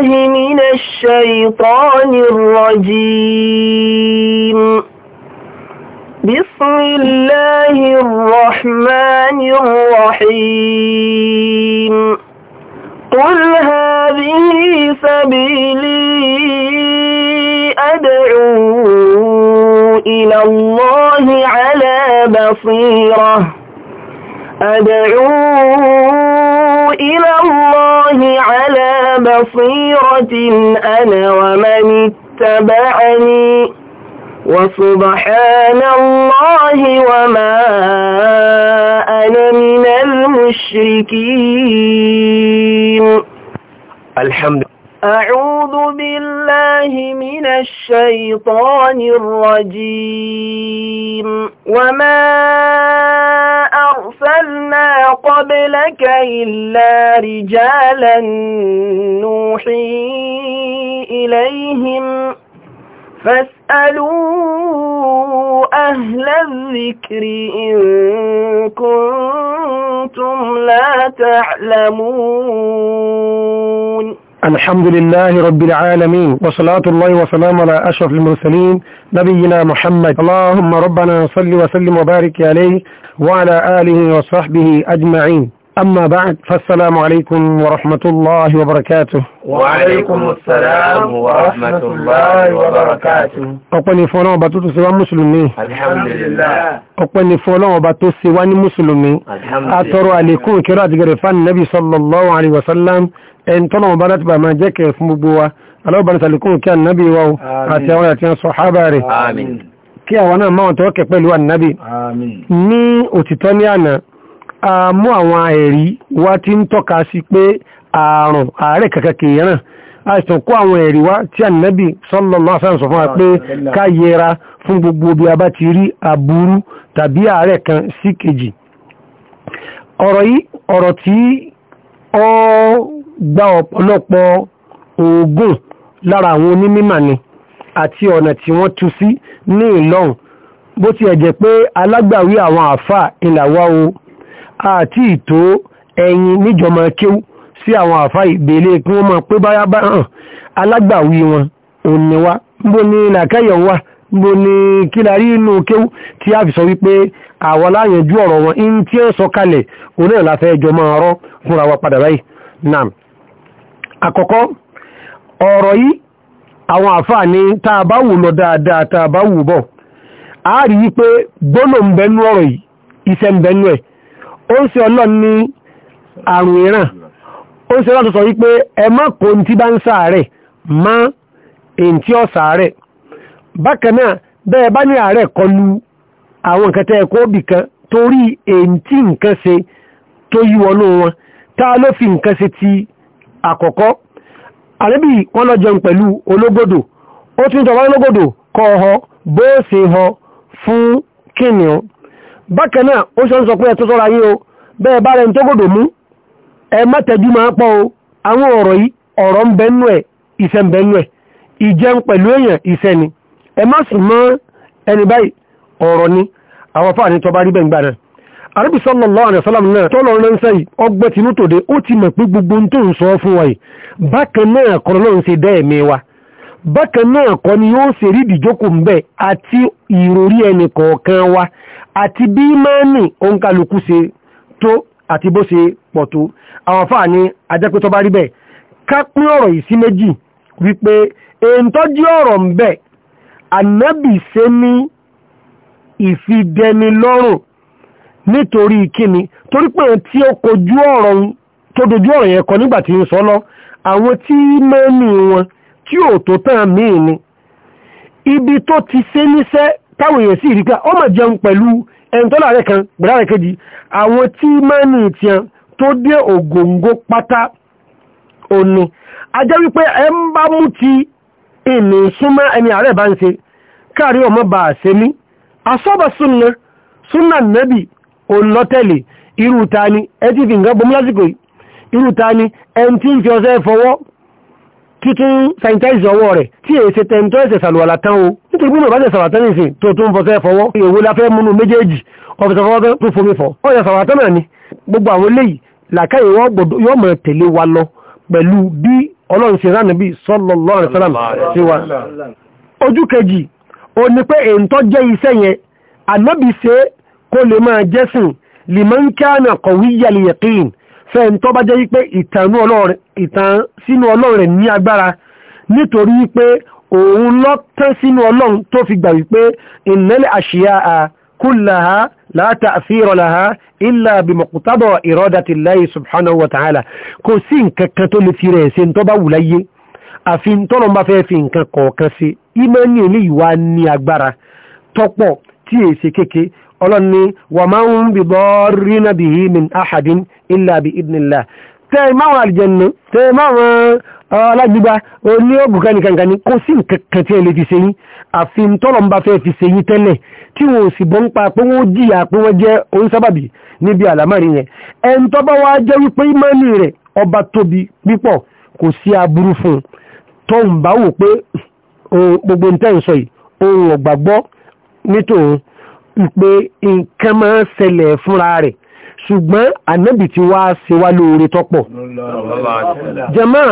الله من الشيطان الرجيم بسم الله الرحمن الرحيم قل هذه سبيلي أدعو إلى الله على بصيره أدعو إلى الله على بصيرة أنا ومن اتبعني وسبحان الله وما أنا من المشركين الحمد أعوذ بالله من الشيطان الرجيم وما أرسلنا قبلك إلا رجالا نوحي إليهم فاسألوا أهل الذكر إن كنتم لا تعلمون الحمد لله رب العالمين وصلاة الله وسلام على أشرف المرسلين نبينا محمد اللهم ربنا صل وسلم وبارك عليه وعلى آله وصحبه أجمعين أما بعد فالسلام عليكم ورحمة الله وبركاته وعليكم السلام ورحمة الله وبركاته أقني فلان باتوتو سوى مسلمي الحمد لله أقني فلان باتوتو سوى مسلمي الحمد لله أترى لكم كرات غرفان النبي صلى الله عليه وسلم ẹni tọ́nà ọba láti bá máa jẹ́ kẹrẹ fún gbogbo wa aláwọ̀bá ní kí ànábì wa o àti àwọn àti àwọn sọ̀hábà rẹ̀ kí àwọn náà máa tọ́ kẹ pẹ̀lú ní òtítọ́ ní a mú àwọn ẹ̀rí wá ti ń tọ́ka sí pé ààrùn ààrẹ kankan a ti ọ̀rọ̀ yìí ọ̀rọ̀ gba ọ̀pọ̀lọpọ̀ oògùn lára àwọn onímímà ni àti ọ̀nà tí wọ́n tú sí ní ìlọ́hùn bó ti ẹ̀jẹ̀ pé alágbàwí àwọn àfà ìlàwà o àti ìtò ẹ̀yìn níjọmọ̀ kéwú sí àwọn àfà ìbèlè kí wọ́n mọ̀ pé báyá bá hàn alágbàwí wọn ò ní wá bó ni làkẹ́yọ̀ wà bó ni kílárí inú kéwú tí a fi sọ wípé àwọn aláyànjú ọ̀rọ̀ wọn in tí ó sọ kalẹ̀ òun náà la fẹ́ jọ máa rọ́ fúnra wa padà báyìí nam àkọ́kọ́ ọ̀rọ̀ yìí àwọn àfáà a bá wù lọ dáadáa tá bá wù a rí i pé gbóná ń bẹnu ọ̀rọ̀ yìí iṣẹ́ ń bẹnu ẹ̀ ó ń ṣe ọlọ́run ní àrùn ìran ó ń ṣe ọlọ́run tó wípé ẹ má kó ní tí bá ń má èyí tí bá ní ààrẹ kọlu àwọn nǹkan tẹ́ ẹ̀kọ́ kan torí èyí tí nǹkan tó yí wọnú ti àkọ́kọ́ àrẹ́bì wọ́n lọ jẹun pẹ̀lú ológodò ó tún jọba ológodò kọ́ ọ bó ṣe họ fún kìnìún bákan náà ó ṣe ń sọ pé ẹ̀ tó sọ́ra o bẹ́ẹ̀ bá rẹ̀ ń tógòdò mú ẹ má máa pọ̀ o àwọn ọ̀rọ̀ yìí ọ̀rọ̀ ń bẹ́nu ẹ̀ ìṣẹ́ ń bẹ́nu ẹ̀ ìjẹun pẹ̀lú ni eme ni àrẹ́bì sallallahu alaihi wasallam náà tọ́lọ rẹ̀ ń sẹ́yì ọgbẹ́ tinú tòde ó ti mọ̀ pé gbogbo tó ń sọ fún wa yìí bákan náà kọ́ ló ń ṣe dẹ́ẹ̀mí wa bákan náà kọ́ ni yóò ṣe rí ìdíjókò ń bẹ̀ àti ìròrí ẹnì kọ̀ọ̀kan wa àti bí mẹ́ẹ̀nì òǹkàlùkù ṣe tó àti bó ṣe pọ̀ tó àwọn ni ajẹ́pẹ́ tó ìfidẹnilọ́rùn nítorí kíni torí pé tí ó kojú ọ̀rọ̀ tó dojú ọ̀rọ̀ yẹn kọ nígbà ń sọ àwọn tí mẹ́ni wọn tí ibi tó ti ṣe níṣẹ́ táwọn èèyàn sì rí ọ ọmọ jẹun pẹ̀lú ẹni tó kan gbẹ̀rẹ̀ rẹ̀ kejì àwọn tí to tiẹ̀ tó dé ògòǹgó pátá òní ajẹ́ wípé ẹ ń bá mú ti ìní súnmọ́ ẹni ààrẹ bá ń ṣe káàrí ọmọ bá a ṣe ní asọ́bà olọ́tẹ̀lẹ̀ irú ta ni ẹ ti fi nǹkan bomú lásìkò yìí irú ta ni ẹni tí ń fi ọṣẹ fọwọ́ títún sanitize ọwọ́ rẹ̀ tí èyí ṣe tẹ̀mítọ́ ẹ̀sẹ̀ sàlùwàlà tán o nítorí pé ìbáṣẹ̀ sàlùwàlà tán nìsín tó tún fọṣẹ fọwọ́ èwo la fẹ́ múnú méjèèjì ọ̀fẹ́sẹ̀ sallallahu alaihi wasallam sí wa ojú kejì òní pé èyí kó lè máa jẹ́sìn liman kana qawiyyal yaqin fẹ́ni tó bá jẹ́ wípé ìtàn sínú ọlọ́run rẹ̀ ní agbára nítorí wípé òun lọ tán sínú ọlọ́run tó fi gbà wípé innal ashya'a kullaha la ta'thira laha illa bi muqtada iradatillahi subhanahu wa ta'ala kò sí nǹkan kan tó lè fi rẹ̀ ṣe tó bá tọ́pọ̀ tí èsì kéke ọlọ́ni wà máa ń bí bọ́ọ̀rí náà bí i min ahadin illa bí idnillah tẹ́ máwọn àlìjẹ̀nù tẹ́ máwọn uh, alágbígbá oní ogun kẹ́nìkankan ni kò sí nǹkan tí ẹ lè fi ṣe yín àfi tọ́lọ̀ ń bá fẹ́ fi ṣe yín tẹ́lẹ̀ tí wọn ò sì bọ́ ń pa pé wọ́n jìyà pé wọ́n jẹ́ onísábàbí níbi àlámàrí ìpè nǹkan máa ń ṣẹlẹ̀ fúnra rẹ̀ ṣùgbọ́n ànábì tí wá ṣe wá lóore tọ́pọ̀ jẹ́mọ́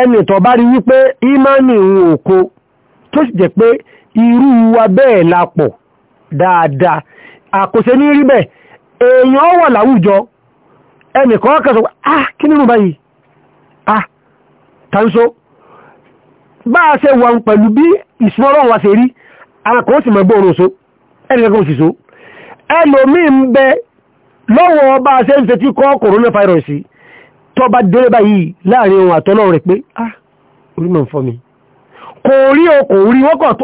ẹni tó bá rí wípé ìmánì ìhun òko tó sì jẹ́ pé irú wa bẹ́ẹ̀ la pọ̀ dáadáa àkóse ní rí bẹ́ẹ̀ èèyàn wà láwùjọ ẹnìkan kẹsàn ah kí nínú báyìí ah tanso bá a ṣe wà pẹ̀lú bí ìsúnmọ́rọ̀ wa ṣe rí àwọn kan sì mọ̀ so ẹnìkan òṣìṣó ẹlòmíì ń bẹ lọ́wọ́ bá a ṣe ń fetí kọ́ kòrónàfàírọ̀sì tó bá yìí láàrin ohun àtọ́lọ́ rẹ̀ pé ah orí mọ̀ mi kò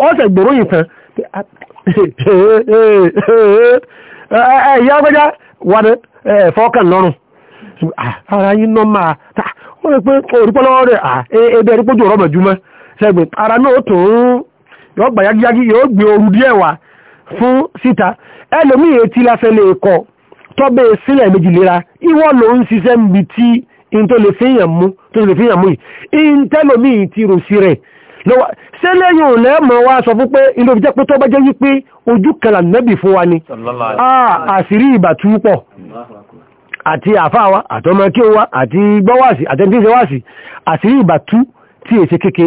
rí fún síta ẹlòmíì etí lásán lè kọ tọ́bẹ̀ sílẹ̀ méjì lera ìwọ ló ń ṣiṣẹ́ níbi tí in tó lè fihàn mú tó lè fihàn mú yìí in tẹ́lòmíì ti rò sí rẹ̀ lọ́wọ́ ṣé lẹ́yìn òun lẹ́mọ̀ wá sọ fún pé ilé òfin jẹ́ pé tọ́bẹ̀ jẹ́ wípé ojú kẹlà nẹ́bì fún wa ni ah, àṣírí ìbàtú pọ̀ àti àfáwa àtọmọkí àti gbọ́wàsì àtẹ́ntíṣẹ́wàsì àṣírí ìbàtú tí èsì kéke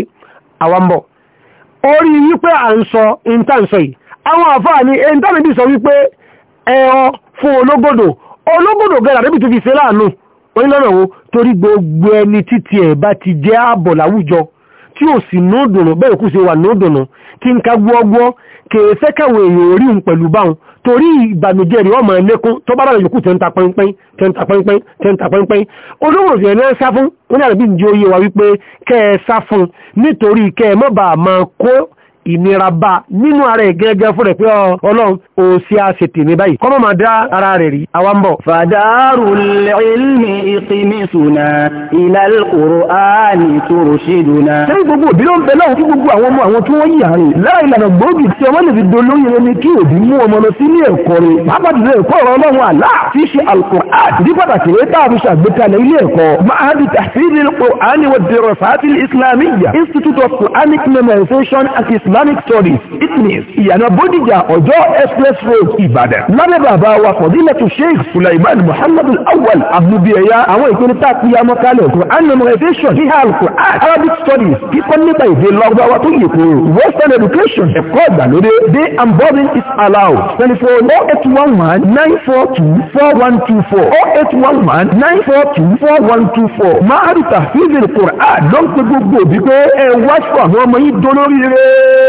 àwambọ̀ orí wípé à ń sọ ìntànsọ yìí àwọn àfáà ni ẹni tánà bí sọ wípé ẹran fún ológbòdò ológbòdò gẹ́gẹ́ àdébì tó fi ṣe láàánú onílọ́nà wo torí gbogbo ẹni títí ẹ̀ bá ti jẹ́ ààbọ̀ láwùjọ tí ò sì ní òdùnnú bẹ́ẹ̀ kù sí wà ní òdùnnú kí n ka gbọ́gbọ́ kèé sẹ́kẹ̀wé èèyàn orí òun pẹ̀lú báwọn torí ìbànújẹ́ rí ọmọ ẹlẹ́kún tó bá bàrẹ̀ yòókù tẹ́ǹta pẹ́ńpẹ́ń tẹ́ǹta pẹ́ńpẹ́ń tẹ́ǹta pẹ́ńpẹ́ń olóòwò sì ẹ̀rẹ́ sá fún ní àrẹ́bí ìjọ oyè wa wípé kẹ́ ẹ sá fún nítorí kẹ́ ẹ máa kó ìnira bá nínú ara ẹ̀ gẹ́gẹ́ fún rẹ̀ pé ọlọ́run ò sí àṣetì ní báyìí kọ́mọ́ máa dá ara rẹ̀ rí àwa ń bọ̀. fadarul ilmi iqimisuna ilal qur'ani turshiduna. sẹ́yìn gbogbo òbí ń bẹ láwọn fún gbogbo àwọn ọmọ àwọn tí wọ́n yà rìn lára ìlànà gbòógì tí ọmọ institute of quranic memorization and islam Islamic Studies ITNIS ìyànà Bódìjà ọjọ́ express road Ìbàdàn lábẹ́ bàbá wa fọ̀dílẹ̀tù Sheikh Sulaiman Muhammad Awal Abdulbiyaya àwọn ìpinnu tá a ti ya mọ́kálẹ̀ Quran memorization ní Al-Quran Arabic Studies kíkọ́ nípa èdè lọ́gbàwá tó yẹ kó Western education ẹ̀kọ́ ìgbàlódé day and boarding is allowed telephone oh eight one one nine four two four one two four oh eight one one nine four two four one two four máa rí tàfíìsì Quran ló ń pe gbogbo òbí pé ẹ wá fún àwọn ọmọ yìí dolóríire.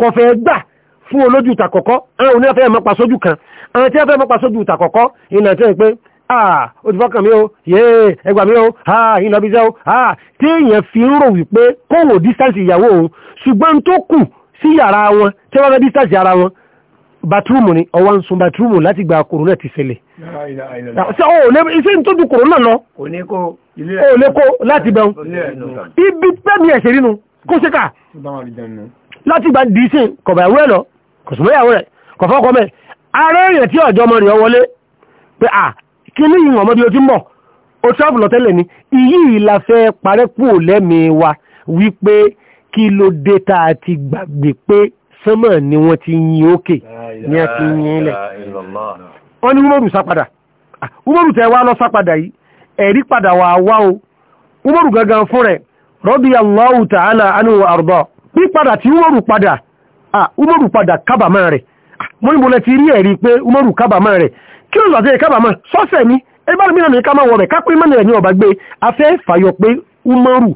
kọfẹ́ gbà fún olójú ìta kọ̀kọ́ àwọn òní afẹ́ mọ́pa sójú kan àwọn tí afẹ́ mọ́pa sójú ìta kọ̀kọ́ tí ó pé ah ó ti fọ́kàn mí o yéé ẹgbà mí o ah ìlọ bí jẹ́ tí èèyàn fi ń rò wípé kóhùn distance ìyàwó òun ṣùgbọ́n tó kù sí yàrá wọn tí wọ́n fẹ́ distance yàrá wọn batrumu ni ọwọ́ ń sun batrumu láti gba kòrónà ti ṣẹlẹ̀ iṣẹ́ tó ju kòrónà lọ ò lè kó láti ibi pẹ́mi ẹ̀ṣẹ̀ nínú kó ṣe ká láti gba dìísìn kọ̀bà ìwé lọ kọ̀sùmọ́yàwó rẹ̀ kọ̀fọ́kọ́ mẹ́ tí ọjọ́ ọmọ rẹ̀ wọlé pé à kí ní ìwọ̀n ọmọdé o ti ń o travel ni iyì ìlàfẹ́ parẹ́pù wa wípé kí ló dé a ti gbàgbé pé sánmọ̀ ni wọ́n ti yin ni yin wọ́n ní umaru sápadà tẹ́ wá lọ sápadà yìí ẹ̀rí padà wà wá o gangan fún rẹ̀ àrùbọ̀ pípadà tí umaru padà ah umaru padà kábàámọ̀ rẹ̀ mọ́ ní lẹ ti rí ẹ̀rí pé umaru kábàámọ̀ rẹ̀ kí ló lọ́dẹ̀ kábàámọ̀ sọ́sẹ̀ mi ẹgbẹ́ ní ká máa rẹ̀ kápẹ́ mọ́ni rẹ̀ ní ọba gbé afẹ́ fàyọ pé umaru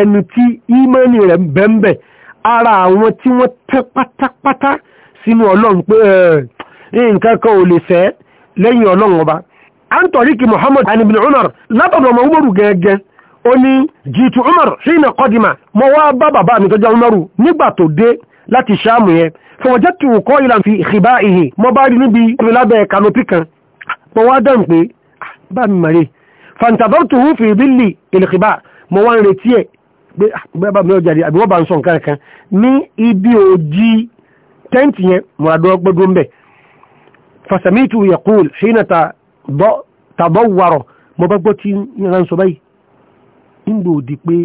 ẹnu tí rẹ̀ ara àwọn tí wọ́n tẹ́ pátápátá sínú ọlọ́run pé ó ní jitu umar hina kọdìmà mọ́ wá bá bàbá mi tọ́jọ́ umaru nígbà tó dé láti ṣáàmù yẹn fọwọ́jẹ́ tí ó kọ́ ìlànà fi ìhìbá ìhì mọ́ bá rí níbi ìrìnlábẹ̀ kanopi kan mọ́ wá dáhùn pé ah, bá mi mọ̀rẹ́ fantabọ́tù hù fi bílì ìlìkìbá mọ́ wá ń retí ẹ̀ pé ah, bá mi gbọ́ tí ń sọ báyìí nígbà òdi pé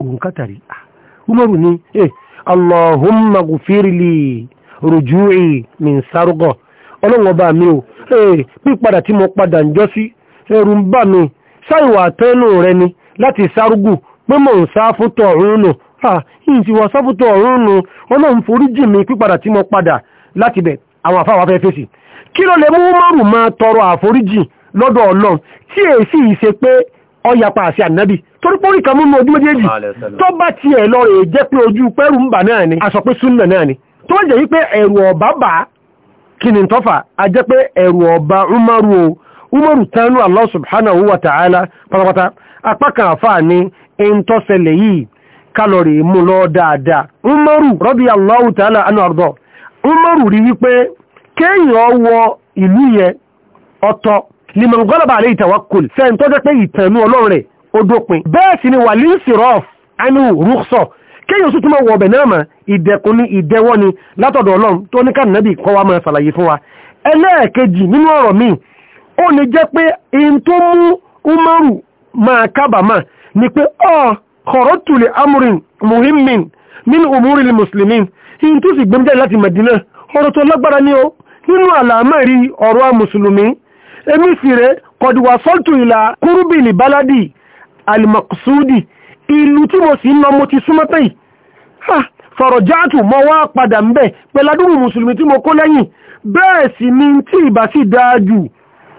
òun kátàrí ah, umaru ni eh allahumma gufirili mi n sarugọ ọlọ́run ọba mi o eh pípadà tí mo padà ń jọ sí ẹrù ń bà mí sáìwà tẹ́nu rẹ ni láti sárúgù pé mò ń sá fútọ̀ ọ̀run nù ah, yìí ti wọ sáfútọ̀ ọ̀run nù ọlọ́run forí jì mí pípadà tí mo padà láti bẹ̀ àwọn àfáwà fẹ́ fèsì kí ló lè mú umaru máa tọrọ àforíjì lọ́dọ̀ ọlọ́run tí èsì ọyapa àti ànábì torí pórí kan múnú ojú méjèèjì tó bá ti ẹ̀ lọ rẹ̀ jẹ́ pé ojú pẹ́rù ń bà náà ni aṣọ pé súnà náà ni tó jẹ́ wípé ẹ̀rù ọ̀bá bà kìnnì tọ́fà a jẹ́ pé ẹ̀rù ọ̀bá umaru o umaru tánú Allah umaru liman gọ́lọ̀bà alẹ́ ìtàwákùl fẹ́n tó jẹ́ pé ìtẹ̀nú ọlọ́run rẹ̀ ó dópin bẹ́ẹ̀ sì ni wàlí sirọ́f anú rúksọ̀ kéyàn sì túnmọ̀ wọ̀bẹ̀ náà mà ìdẹ̀kùn ní ìdẹ́wọ́ ni látọ̀dọ̀ ọlọ́run tó ní kànáàbì kọ́ wa máa ṣàlàyé fún wa ẹlẹ́ẹ̀kejì nínú ọ̀rọ̀ mi ó ní jẹ́ pé in tó mú umaru máa kábàámà ni pé ọ kọ̀rọ̀ tùlẹ̀ amúrin muhimmin nínú àlàmẹ́rí ọ̀rọ̀ mùsùlùmí èmi sì rẹ̀ kọ̀dùwà sọ́tù ìlà kúrúbìlì báládì alimakusudi ìlú tí mo sì ń lọ mo ti súnmọ́ pé sọ̀rọ̀ jáàtù mọ́ wá padà ń bẹ̀ pẹ̀ládùrù mùsùlùmí tí mo kó lẹ́yìn bẹ́ẹ̀ sì ni tí ìbá sì dáa jù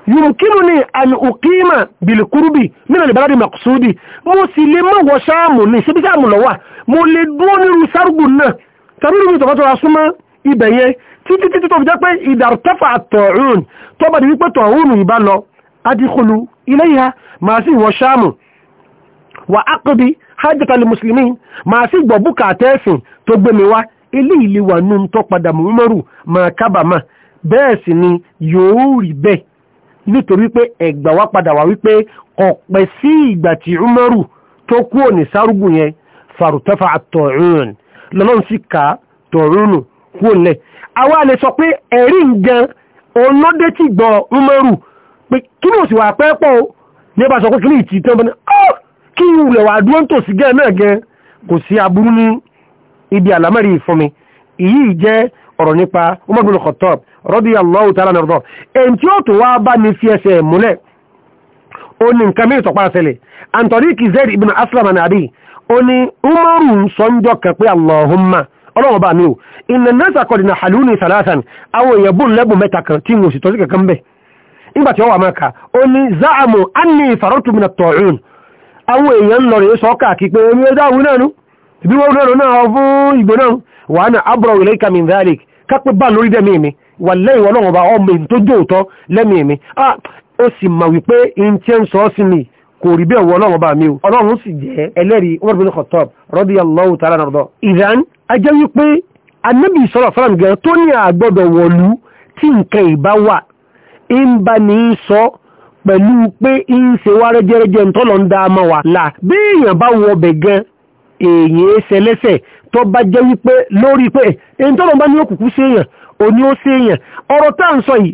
ni àmì òkímà bìlìkúrúbì nínú ìbáradì makusudi mo sì lè mọ̀ wọ sáàmù ní ṣe sáàmù lọ́wà mo lè dúró nírú sárùgù náà tàbí nínú ìtọ́fọ́tọ́ asúnmọ́ ibẹ̀ yẹn títí títí tó fi jẹ́ pé ìdàrútẹ́fà tọ̀rún tó bá di wípé tọ̀rún ìbá lọ adìkọlù ilé ìhá máa sí ìwọ̀ sáàmù wà ákọ́bí hajjatali musulmi máa sí gbọ̀búkà tẹ́ẹ̀sìn tó gbẹ̀mẹ̀wá ilé ìlú wà nù tó padà mọ́rù máa kábàámà bẹ́ẹ̀ sì ni yóò rí bẹ́ẹ̀ nítorí pé ẹ̀gbà wá padà wá wípé ọ̀pẹ̀ sí ìgbà tí umaru tó kú òní sárúgùn yẹn farutafa àtọ̀rún lọ́lọ́run sì ká tọ̀rún kú òní àwa lè sọ pé ẹ̀rí ń olóde tí gbọ́ Umaru pé kí ni òsìwà pẹ́ pọ̀ o ní bá sọ pé kí ni ìtì tán bọ́n ọ́ kí ni ìwùlẹ̀ wà dúró ń tòsí gan náà gan kò sí aburú ní ibi àlámẹ́rì ìfún mi ìyí jẹ́ ọ̀rọ̀ nípa Umar bin Khattab radiyallahu ta'ala anhu èyí tí ó tó wá antori kizeri ibn aslam anabi ó Umaru ń sọ́njọ́ Allahumma ọlọ́wọ́ bá mi ò ìnà nẹ́sà kọ̀dìnà halloumi salasan àwọn èèyàn bùn lẹ́bùn mẹ́ta kan tí mo sì tọ́sí kankan bẹ̀ nígbà tí wọ́n wà mẹ́ka ó ní záàmù anni ìfàrọ́tù mi tọ̀ọ̀rùn àwọn èèyàn lọ rèé sọ káàkì pé èmi ẹjọ́ àwọn náà nú ìbí wọn náà náà fún ìgbò kò rí bẹ́ẹ̀ wọ ọlọ́run bá mi o ọlọ́run sì jẹ́ ẹlẹ́rìí Umar bin Khattab radiyallahu ta'ala nàrọ̀dọ̀ ìdán ajẹ́ wípé anábì sọ̀rọ̀ fọ́nà gan tó ní àgbọ̀dọ̀ wọ̀lú tí nǹkan ìbá wà ń bá ní í sọ pẹ̀lú pé ń ṣe wá rẹ́jẹ́rẹ́jẹ́ ń tọ́lọ̀ ń dá a mọ́ wa là béèyàn bá wọ ọbẹ̀ gan èèyàn ṣẹlẹ́sẹ̀ tó bá jẹ́ wípé lórí pé èyí tọ́lọ̀ bá ní òkùnkùn séèyàn òní ó séèyàn ọ̀rọ̀ tá à ń sọ yìí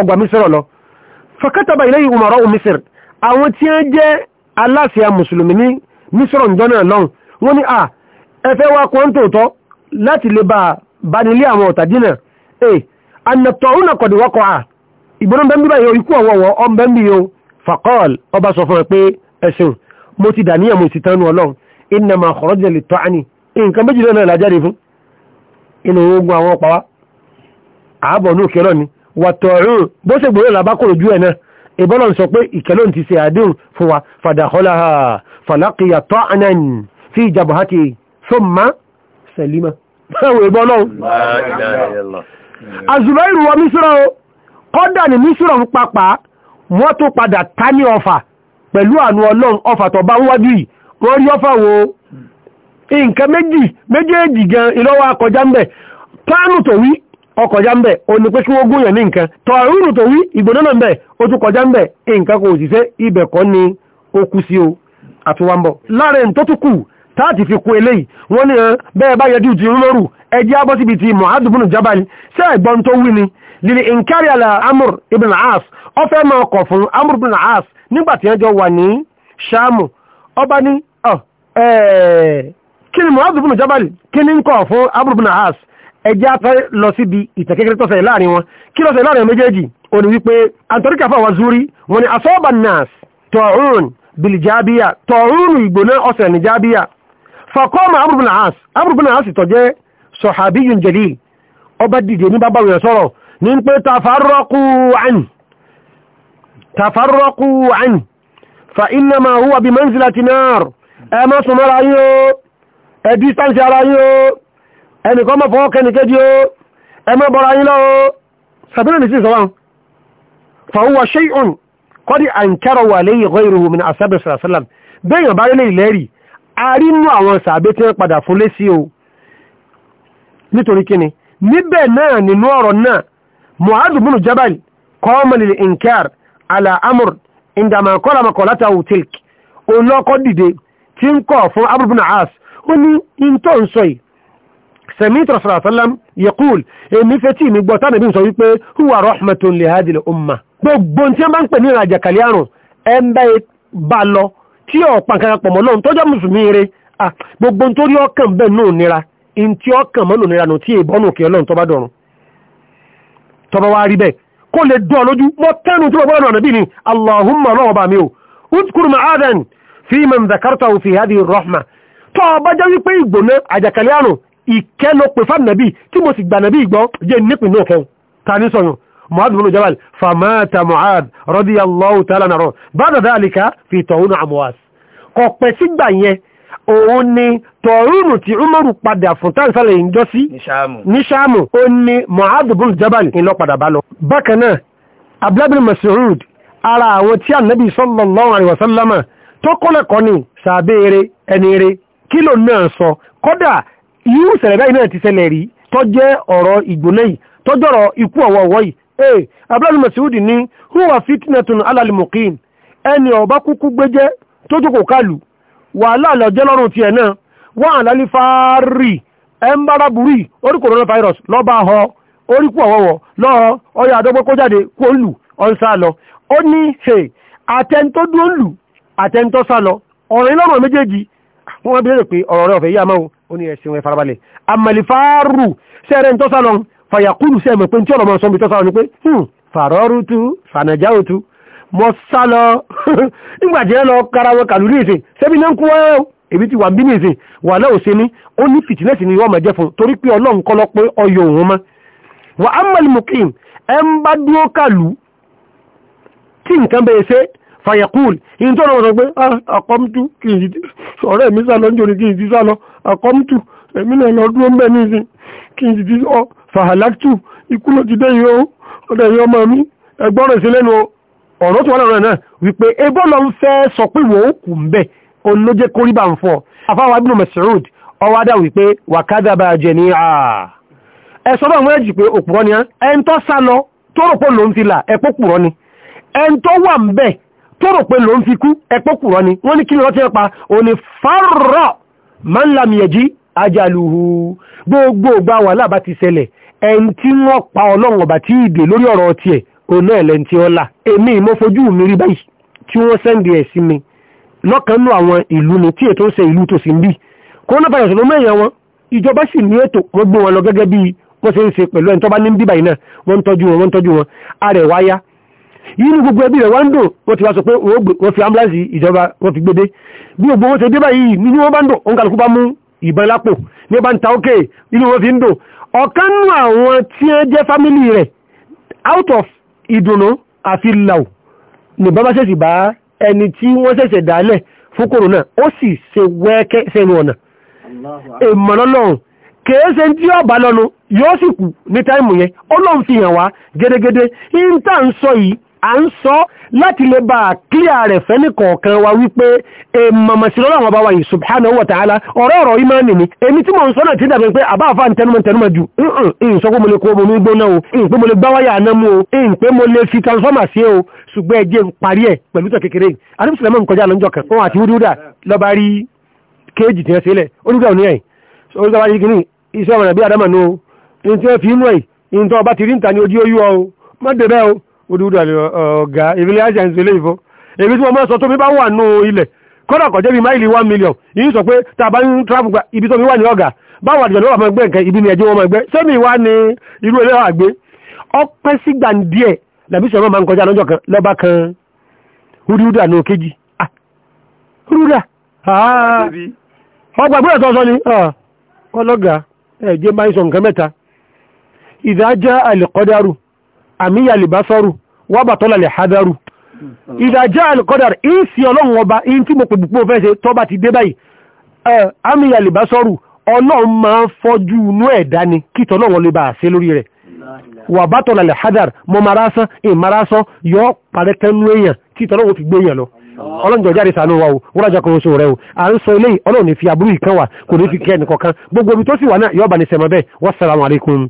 ọgbà mísírọ̀ lọ fọkẹ́tàbà ilé ìwòmọ̀rọ̀ òmísìr àwọn tí wọ́n jẹ́ aláṣẹ mùsùlùmí ní mísírọ̀ ǹjọ́ náà wọ́n ní à ẹfẹ́ wa kò ń tòótọ́ láti lè bá banilé àwọn ọ̀tàdínà ẹ anàtọ̀ọ́nà kọ̀dì wọ́kọ̀ à ìgbóná bẹ́ẹ̀ bí báyìí ikú ọ̀wọ̀wọ̀ ọm bẹ́ẹ̀ bí yóò fàkọ́ọ̀l ọba sọ fún ẹ pé ẹ̀sìn mo ti dàníyàn mo ti ní òkè ọlọ́ni wàtọ̀rún bó ṣe gbòòrò làbá kò rojú ẹ̀ náà ìbọ́lọ̀ sọ pé ìkẹ́lọ́ ti ṣe àdéhùn fún wa fàdàkọ́lá fàlákìyà tọ́ anan fi ìjàbọ̀ àti sọ́mà sẹ̀límà báwo ìbọ́lọ́ azùbẹ́rù wọ mísúra o kọ́dà ní mísúra ń papà wọ́n tó padà ta ní ọfà pẹ̀lú ọkọjá ń bẹ̀ o ní pé kí wọ́n gúnyàn ní nǹkan tọ̀rùrù tó wí ìgbóná náà ń bẹ̀ tún kọjá ń ni ó o láàrin tó tún kù fi kú eléyìí wọ́n ní bẹ́ẹ̀ bá yẹjú ti rú lóru ẹjẹ́ abọ́ síbi ti mọ̀hádùbùnú jábàlì ṣé ẹ̀gbọ́n tó wí ni nkari amur ibn as máa kọ̀ fún amur ibn as nígbà tí ẹjọ́ wà ní ṣáàmù ọba kí ni mọ̀hádùbùnú jábàlì kí ni ń kọ̀ fún ẹjá fẹ́ lọ síbi ìtẹ̀kẹ́kẹ́rẹ́ tọ́sẹ̀ láàrin wọn kí lọ́sẹ̀ láàrin méjèèjì o ní wípé antorika fáwọn zúrí wọn ni asọ́ọ̀bà nas tọ̀ọ̀rùn bilijabiya tọ̀ọ̀rùn ìgbóná ọ̀sẹ̀ nijabiya fakọ́ọ̀mà abrubun as abrubun as tọ̀jẹ́ sọ̀hábíyùn jalil ọba dìde ní bàbá rẹ̀ sọ̀rọ̀ ní pé tafarọ́kù àn tafarọ́kù àn distance ara yóò ẹnìkan mọ́ fọwọ́ kẹni kéjì ó ẹmọ́ bọ́ra yín lọ́wọ́ sàbílẹ̀ nìsí ìsọ́wọ́n fàúwà ṣe'un kọ́dí àǹkẹ́rọ̀ wà léyìn ghayruhu min àṣẹ́bẹ̀ sàrásílám bẹ́yàn bá rí lẹ́rì a rí nú àwọn sàbẹ́ tí wọ́n padà sí o nítorí kíni níbẹ̀ náà nínú ọ̀rọ̀ náà mu'adh bin jabal kọ́mọlì سميت رسول الله صلى الله عليه وسلم يقول èmi fetí mi gbọ́ tánà bí n sọ wípé huwa rahmatun li hadil umma gbogbo tí wọ́n bá ń pè ní ìrìnàjà kàlẹ́ àrùn ẹ ń bá bá lọ tí ọ̀pá kankan pọ̀ mọ́ lọ́run tọ́jọ́ mùsùlùmí rẹ̀ gbogbo tó rí ọkàn bẹ́ẹ̀ náà nira in tí ọkàn mọ́ lò nira nù tí ìbọnù kí ọlọ́run tọ́ba dọ̀run tọ́ba wa rí bẹ́ẹ̀ kó lè dán lójú mọ́ tẹ́nu tí wọ́n gbọ́dọ̀ nàbí ni allahumma ọlọ́wọ́ bá mi o udkur ma'adan fi man dhakartahu fi hadhihi rahma tọ́ ọba jẹ́ wípé ìgbóná àjàkálẹ̀ àrùn ìkẹ́ ló pè fáàmì nàbí tí mo sì gbà nàbí ìgbọ́ jẹ́ nípìn náà kẹun ta ní sọ̀rọ̀ Mu'adh bin Jabal famata Mu'adh radiyallahu ta'ala nàrọ̀ ba'da dhalika fi Ta'un Amwas kọ̀ pẹ́ sígbà yẹn òun ni tọ̀rùnù tí Umaru padà fún táǹsálẹ̀ ìjọ sí ní Ṣáàmù ó ní Mu'adh bin Jabal ìlọ padà bá lọ. bákan náà Abdullah bin ara àwọn tí ànábì sallallahu alaihi wasallama tó kọ́lẹ̀kọ́ ni sàbẹ̀ẹ́rẹ́ ẹni rẹ̀ kí ló náà sọ kódà irú ìṣẹ̀lẹ̀ báyìí náà ti ṣẹlẹ̀ rí tó jẹ́ ọ̀rọ̀ ìgbóná yìí tó jọ̀rọ̀ ikú ọ̀wọ̀wọ́ yìí ee eh, abúlé masudi ní huwa fitnatun alalimokin ẹni ọba kúkú gbéjẹ́ tó jókòó kálù wàhálà lọ́rùn tiẹ̀ náà wọ́n orí coronavirus lọ́ba orí kú ọ̀wọ̀wọ̀ lọ́ọ́ àdọ́gbẹ́ kó jáde wọ́n wá bèèrè pé ọ̀rọ̀ rẹ̀ ọ̀fẹ́ yá máa ó ní ẹ̀sìn wọn farabalẹ̀ àmàlìfàárù sẹ́rẹ̀ ń tọ́sà lọ fàyàkùrù sẹ́mọ̀ pé tí ọ̀rọ̀ máa sọ tọ́sà lọ pé fàrọ́rù tu fànàjà òtu mọ sá lọ hmm, nígbà jẹ́ lọ kára wọn kàlù ní ìsìn sẹ́mi náà ń kú wọ́n èmi ti wà ń bí ní ìsìn wà náà ò ní ó ní fìtínẹ́sì ni wọ́n jẹ́ fún torí pé ọlọ́run kọ́ pé ọyọ òun mọ́ wà á mọ̀lì ẹ ń bá dúró kàlù tí nǹkan bẹ́ẹ̀ ṣe fàyẹ̀kùn yìí tó lọ́wọ́ sọ pé àkọ́mtù kì í ọ̀rẹ́ mi sálọ níjòrì kì í ti sálọ àkọ́mtù èmi náà lọ dúró mbẹ́ nísìn kì í ti sọ fàhàláktù ikú ló ti dẹ́yìn o ọ̀dẹ̀ yìí ọmọ mi ẹgbọ́n rẹ̀ sí lẹ́nu ọ̀rọ̀ tó wà lọ́rọ̀ náà wípé ebó lọ ń fẹ́ sọ pé wò ó kù mbẹ́ olójẹ́ kórìbà ń fọ afáwa ibn Mas'ud ọwọ́ adá wípé wàkádàbà jẹ̀níà ẹ̀sọ́ náà wọ́n ẹ̀jì pé òpùrọ́ ni ẹn tó sálọ tó rò pé lòun ti là ẹ̀pọ̀ pùrọ́ ni ẹn tó wà ń bẹ́ẹ̀ tó rò pé ló ń fi kú ẹ̀pọ̀ kùrọ̀ ni wọ́n ní kí lọ́tí ẹ̀pa òní fárọ̀ máa ń lamìyẹ̀jí ajaluhu gbogbo ògbà wà lábá ti ṣẹlẹ̀ ẹni tí wọ́n pa ọlọ́run ọ̀bà tí ìdè lórí ọ̀rọ̀ ọtí ẹ̀ òun náà lẹ́ni tí ó là èmi mo fojú mi rí báyìí tí wọ́n sẹ́ndì ẹ̀ sí mi lọ́kànnú àwọn ìlú inú gbogbo ẹbí rẹ̀ wáńdò wọ́n ti wá sọ pé wọ́n fi ambulance ìjọba wọ́n fi gbédé bí ògbó wọ́n ti dé báyìí ní wọ́n bá ń dò òun kàlùkù bá mú ìbọn lápò ní bá ń ta ókè inú wọ́n fi ń dò ọ̀kan àwọn tí wọ́n jẹ́ fámìlì rẹ̀ out of ìdùnnú àfi làw ní bàbá ṣèṣì bá ẹni tí wọ́n ṣẹ̀ṣẹ̀ dálẹ̀ fún kòrónà ó sì ṣe wẹ́ẹ́kẹ́ sẹ́nu ọ̀nà ìmọ̀lọ́lọ́run kèése tí ọba lọ́nu yóò sì kù ní táìmù yẹn ó lóun fi hàn wá gédégédé ìntà ń sọ yìí à ń sọ láti lè bá a kílíà rẹ̀ fẹ́ni kọ̀ọ̀kan wa wípé èèmọ̀mọ̀sílọ́lọ́ àwọn ọba yìí subhanahu wa ọ̀rọ̀ ọ̀rọ̀ ìmánì ni èmi tí mò ń sọ náà ti dàbí pé àbá àfa ntẹnumọ̀ ntẹnumọ̀ jù ń sọ pé mo lè kó omi gbóná o ń pé mo lè gbá wáyà aná mu o ń pé mo lè fi transformer sí o ṣùgbọ́n ẹjẹ́ ń parí ẹ̀ pẹ̀lú tọ̀ kékeré àdébùsùn lẹ́mọ̀ kọjá lọ́jọ́ kan wọn àti wúdúwúdà lọ́ba rí kéèjì tí wọ́n ṣe lẹ̀ odúdú àlè uh, ọ̀gá ìbílẹ̀ àṣà ń sọlé ìfọ́ èmi tí wọ́n máa sọ tó mi bá wà nù ilẹ̀ kọ́dà kọjá bíi máìlì one million yìí sọ pé tá ń travel gba ibi tó mi wà ní ọ̀gá báwo àdìgbà ló wà máa gbé nǹkan ibi ni ẹ̀jẹ̀ wọn máa gbé sẹ́mi wá ní irú ilé wa gbé ọpẹ́ sí gbàǹdíẹ̀ làbí sọ̀rọ̀ máa ń kọjá lọ́jọ́ kan lọ́ba kan húdúdú àná kejì húdúdú ọgbà gbọ́dọ̀ tó ni ọlọ́gà ẹ̀jẹ̀ máa ń sọ nǹkan mẹ́ta ìdájá àlẹ́kọ́dárù àmìyà lè bá sọ́rù wọ́bà tọ́lá lè hádárù ìdájá alìkọ́dà in sí ọlọ́run ọba in tí mo pè púpọ̀ fẹ́ ṣe tọ́ba ti dé báyìí àmìyà lè bá sọ́rù ọlọ́run máa ń fọ́jú inú ẹ̀dá ni kí tọ́lọ́run lè bá a ṣe lórí rẹ̀ wà bá tọ́lá lè hádárù mọ mara sán ìmara sán yọ parẹ́ tẹ́nu èèyàn kí tọ́lọ́run fi jáde sànú wa o kan oṣù rẹ o ń sọ eléyìí ọlọ́run ní fi àbúrò ìkan wà kò ní fi kẹ́ ẹnìkọ̀kan gbogbo ibi tó sì wà náà yọ̀ọ́ bá ní sẹ́mọ́ bẹ́ẹ̀ wassalamu alaikum